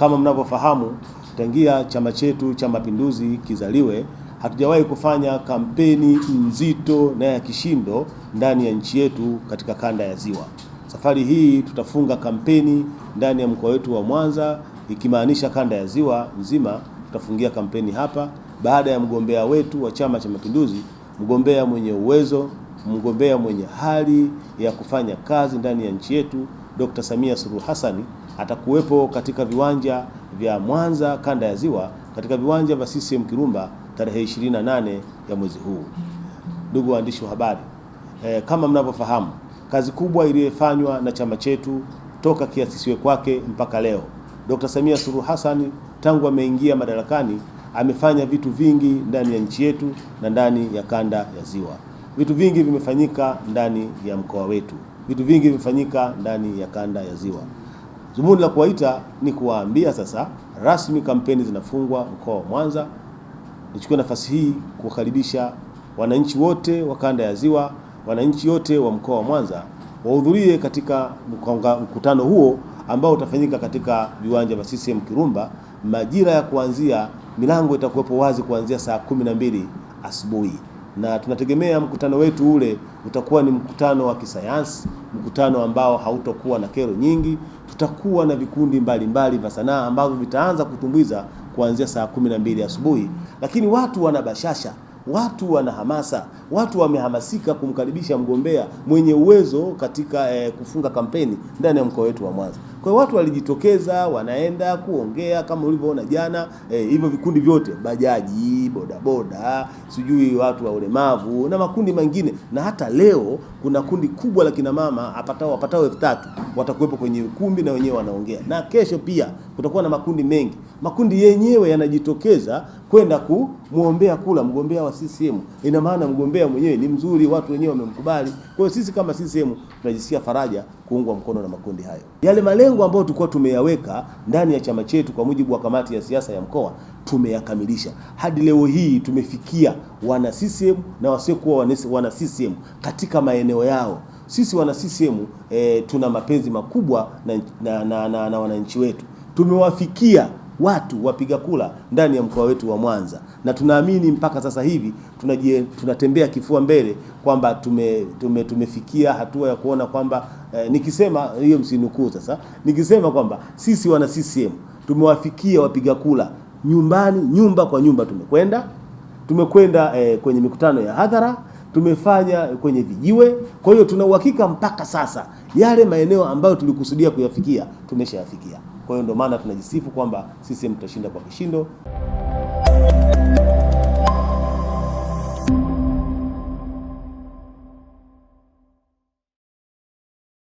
Kama mnavyofahamu, tangia chama chetu cha Mapinduzi kizaliwe hatujawahi kufanya kampeni nzito na ya kishindo ndani ya nchi yetu katika kanda ya Ziwa. Safari hii tutafunga kampeni ndani ya mkoa wetu wa Mwanza, ikimaanisha kanda ya Ziwa nzima tutafungia kampeni hapa baada ya mgombea wetu wa Chama cha Mapinduzi, mgombea mwenye uwezo, mgombea mwenye hali ya kufanya kazi ndani ya nchi yetu, Dr. Samia Suluhu Hassani atakuwepo katika viwanja vya Mwanza kanda ya Ziwa katika viwanja vya CCM Kirumba tarehe 28 ya mwezi huu. Ndugu waandishi wa habari, e, kama mnavyofahamu kazi kubwa iliyofanywa na chama chetu toka kiasisiwe kwake mpaka leo, Dr. Samia Suluhu Hassan tangu ameingia madarakani amefanya vitu vingi ndani ya nchi yetu na ndani ya kanda ya Ziwa. Vitu vingi vimefanyika ndani ya mkoa wetu, vitu vingi vimefanyika ndani ya kanda ya Ziwa zumuni la kuwaita ni kuwaambia sasa rasmi kampeni zinafungwa mkoa wa Mwanza. Nichukue nafasi hii kuwakaribisha wananchi wote wa kanda ya Ziwa, wananchi wote wa mkoa wa Mwanza wahudhurie katika mkutano huo ambao utafanyika katika viwanja vya CCM Kirumba majira ya kuanzia, milango itakuwepo wazi kuanzia saa kumi na mbili asubuhi na tunategemea mkutano wetu ule utakuwa ni mkutano wa kisayansi, mkutano ambao hautakuwa na kero nyingi. Tutakuwa na vikundi mbalimbali vya sanaa ambavyo vitaanza kutumbuiza kuanzia saa kumi na mbili asubuhi, lakini watu wana bashasha, watu wana hamasa, watu wamehamasika kumkaribisha mgombea mwenye uwezo katika eh, kufunga kampeni ndani ya mkoa wetu wa Mwanza. Kwa hiyo watu walijitokeza, wanaenda kuongea kama ulivyoona jana eh, hivyo vikundi vyote bajaji bajaji, bodaboda, sijui watu wa ulemavu na makundi mengine, na hata leo kuna kundi kubwa la kina mama wapatao wapatao elfu tatu watakuwepo kwenye ukumbi na wenyewe wanaongea, na kesho pia kutakuwa na makundi mengi. Makundi yenyewe yanajitokeza kwenda kumwombea kula mgombea wa CCM. Ina maana mgombea mwenyewe ni mzuri, watu wenyewe wamemkubali. Kwa hiyo sisi kama CCM tunajisikia faraja kuungwa mkono na makundi hayo. Yale malengo ambayo tulikuwa tumeyaweka ndani ya chama chetu kwa mujibu wa kamati ya siasa ya mkoa tumeyakamilisha hadi leo leo hii tumefikia wana CCM na wasiokuwa wana CCM katika maeneo yao. Sisi wana CCM e, eh, tuna mapenzi makubwa na, na, na, na, na wananchi wetu. Tumewafikia watu wapiga kura ndani ya mkoa wetu wa Mwanza, na tunaamini mpaka sasa hivi tunajie, tunatembea kifua mbele kwamba tume, tume, tumefikia hatua ya kuona kwamba eh, nikisema hiyo msinukuu sasa, nikisema kwamba sisi wana CCM tumewafikia wapiga kura nyumbani, nyumba kwa nyumba tumekwenda, tumekwenda e, kwenye mikutano ya hadhara tumefanya kwenye vijiwe. Kwa hiyo tuna uhakika mpaka sasa yale maeneo ambayo tulikusudia kuyafikia tumeshayafikia. Kwa hiyo ndio maana tunajisifu kwamba sisi tutashinda kwa kishindo.